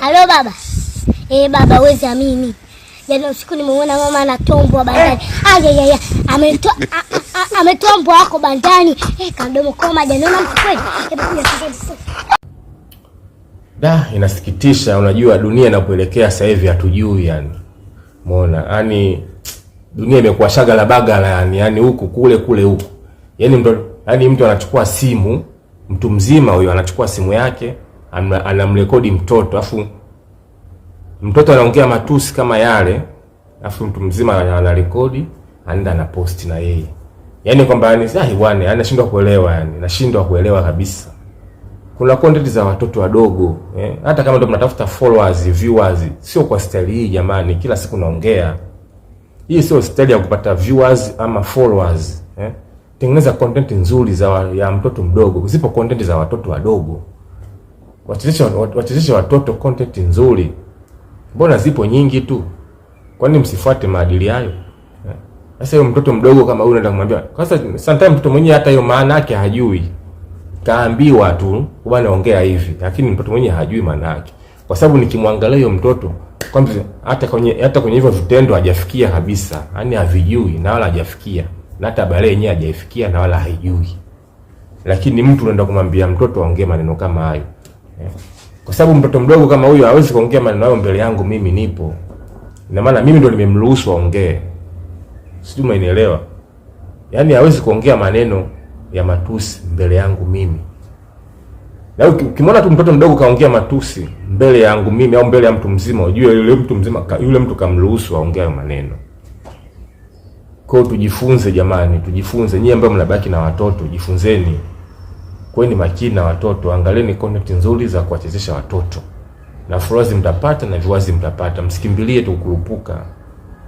Halo baba. Eh, baba wezi amini. Jana usiku nimeona mama anatombwa bandani. Eh. Aya ya ya. Ametoa ametombwa wako bandani. Eh, kadomo koma jana na mkweli. Da, inasikitisha. Unajua dunia inapoelekea sasa hivi hatujui yani. Umeona? Yaani dunia imekuwa shagala bagala yani, yani huku kule kule huku. Yaani mtu yani mtu anachukua simu, mtu mzima huyo anachukua simu yake anamrekodi mtoto afu mtoto anaongea matusi kama yale, afu mtu mzima anarekodi anaenda na anaposti na yeye, yaani kwamba ni sahi bwana, anashindwa kuelewa, yani nashindwa kuelewa kabisa. Kuna content za watoto wadogo eh? Hata kama ndio mnatafuta followers viewers, sio kwa style hii jamani. Kila siku naongea hii sio style ya kupata viewers ama followers eh? Tengeneza content nzuri za ya mtoto mdogo, zipo content za watoto wadogo wachezeshe watoto content nzuri. Mbona zipo nyingi tu, kwani msifuate maadili hayo? Eh. Sasa huyo mtoto mdogo kama huyu unaenda kumwambia sasa, sometimes mtoto mwenyewe hata hiyo maana yake hajui, kaambiwa tu bwana, ongea hivi, lakini mtoto mwenyewe hajui maana yake, kwa sababu nikimwangalia huyo mtoto kwamba hata kwenye hata kwenye hivyo vitendo hajafikia kabisa, yani havijui na wala hajafikia, na hata baadaye yenyewe hajaifikia na wala haijui, lakini mtu unaenda kumwambia mtoto aongee maneno kama hayo kwa sababu mtoto mdogo kama huyo hawezi kuongea maneno hayo mbele yangu, mimi nipo. Ina maana mimi ndo nimemruhusu aongee, sijui umenielewa? Yaani hawezi kuongea maneno ya matusi mbele yangu mimi, na ukimwona tu mtoto mdogo kaongea matusi mbele yangu mimi au mbele ya mtu mzima, ujue yule mtu mzima ka, yule mtu kamruhusu aongee hayo maneno. Kwa hiyo tujifunze jamani, tujifunze nyie ambao mnabaki na watoto, jifunzeni. Kweni makini na watoto, angalieni content nzuri za kuwachezesha watoto, na followers mtapata na viewers mtapata, msikimbilie tu kurupuka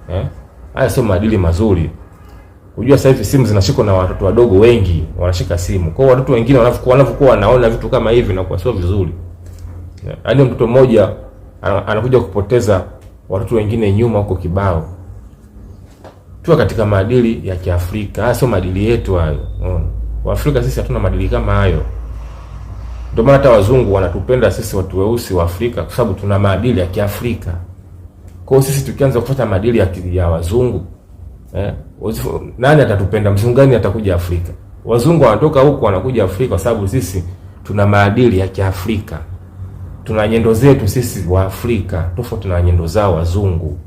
eh. Haya sio maadili mazuri. Unajua sasa hivi simu zinashikwa na watoto wadogo wengi, wanashika simu. Kwa hiyo watoto wengine wanapokuwa wanapokuwa wanaona vitu kama hivi na kwa sio vizuri. Yaani mtoto mmoja anakuja kupoteza watoto wengine nyuma huko kibao. Tuwa katika maadili ya Kiafrika. Haya sio maadili yetu hayo. Unaona? Waafrika sisi hatuna maadili kama hayo. Ndio maana hata wazungu wanatupenda sisi watu weusi wa Afrika kwa sababu tuna maadili ya Kiafrika. Kwa hiyo sisi tukianza kufuata maadili ya, ya wazungu eh, wazifu, nani atatupenda? Mzungu gani atakuja Afrika? Wazungu wanatoka huko wanakuja Afrika kwa sababu sisi tuna maadili ya Kiafrika. Tuna nyendo zetu sisi wa Afrika tofauti na nyendo zao wazungu.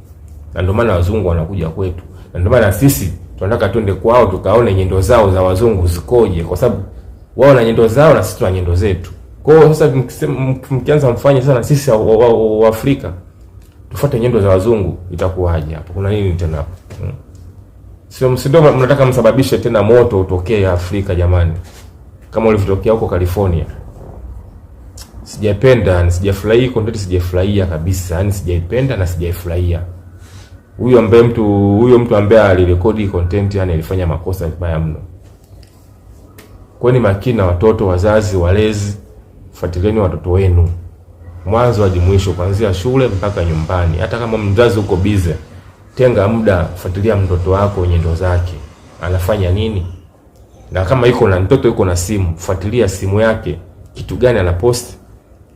Na ndio maana wazungu wanakuja kwetu. Na ndio maana sisi tunataka twende kwao tukaone nyendo zao za wazungu zikoje, kwa sababu wao na nyendo zao na sisi tuna nyendo zetu. Kwa hiyo sasa mkianza mfanye sana sisi wa, wa, wa wa Afrika tufuate nyendo za wazungu itakuwaje? Hapo kuna nini tena hapo? Hmm. Sio, si mnataka msababishe tena moto utokee Afrika jamani, kama ulivyotokea huko California. Sijapenda, sijafurahia content, sijafurahia kabisa, yani sijaipenda na sijaifurahia huyo ambaye mtu huyo mtu ambaye alirekodi content yani alifanya makosa mbaya mno. Kwa ni makini na watoto, wazazi, walezi, fuatilieni watoto wenu mwanzo hadi mwisho, kuanzia shule mpaka nyumbani. Hata kama mzazi uko busy, tenga muda, fuatilia mtoto wako nyendo zake, anafanya nini, na kama iko na mtoto yuko na simu, fuatilia simu yake, kitu gani anapost,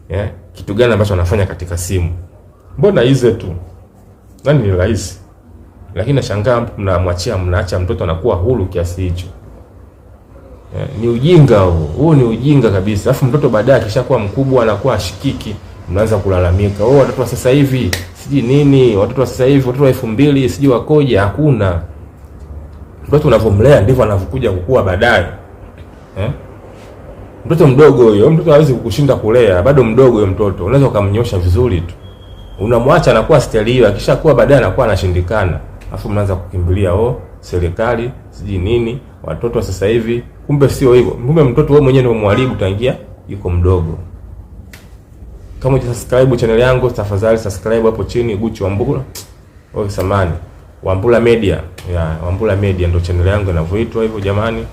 eh, kitu gani ambacho anafanya katika simu. Mbona hizo tu Nadhani ni rahisi, lakini nashangaa mnamwachia, mnaacha mtoto anakuwa huru kiasi hicho. Eh, ni ujinga huo, huo ni ujinga kabisa. Alafu mtoto baadaye akishakuwa mkubwa anakuwa ashikiki, mnaanza kulalamika, oh, watoto wa sasa hivi siji nini, watoto wa sasa hivi, watoto wa elfu mbili sijui wakoje. Hakuna mtoto unavyomlea ndivyo anavyokuja kukua baadaye eh? Mtoto mdogo huyo, mtoto hawezi kukushinda kulea, bado mdogo huyo mtoto, unaweza ukamnyosha vizuri tu unamwacha anakuwa steli hiyo, akishakuwa baadaye anakuwa anashindikana, afu mnaanza kukimbilia oh, serikali sijui nini, watoto sasa hivi. Kumbe sio hivyo, kumbe mtoto wewe mwenyewe ndio mwalimu tangia yuko mdogo. Kama hujasubscribe channel yangu, tafadhali subscribe hapo chini, Guchi Wambura oh, samani Wambura Media ya yeah, Wambura Media ndio channel yangu inavyoitwa hivyo, jamani.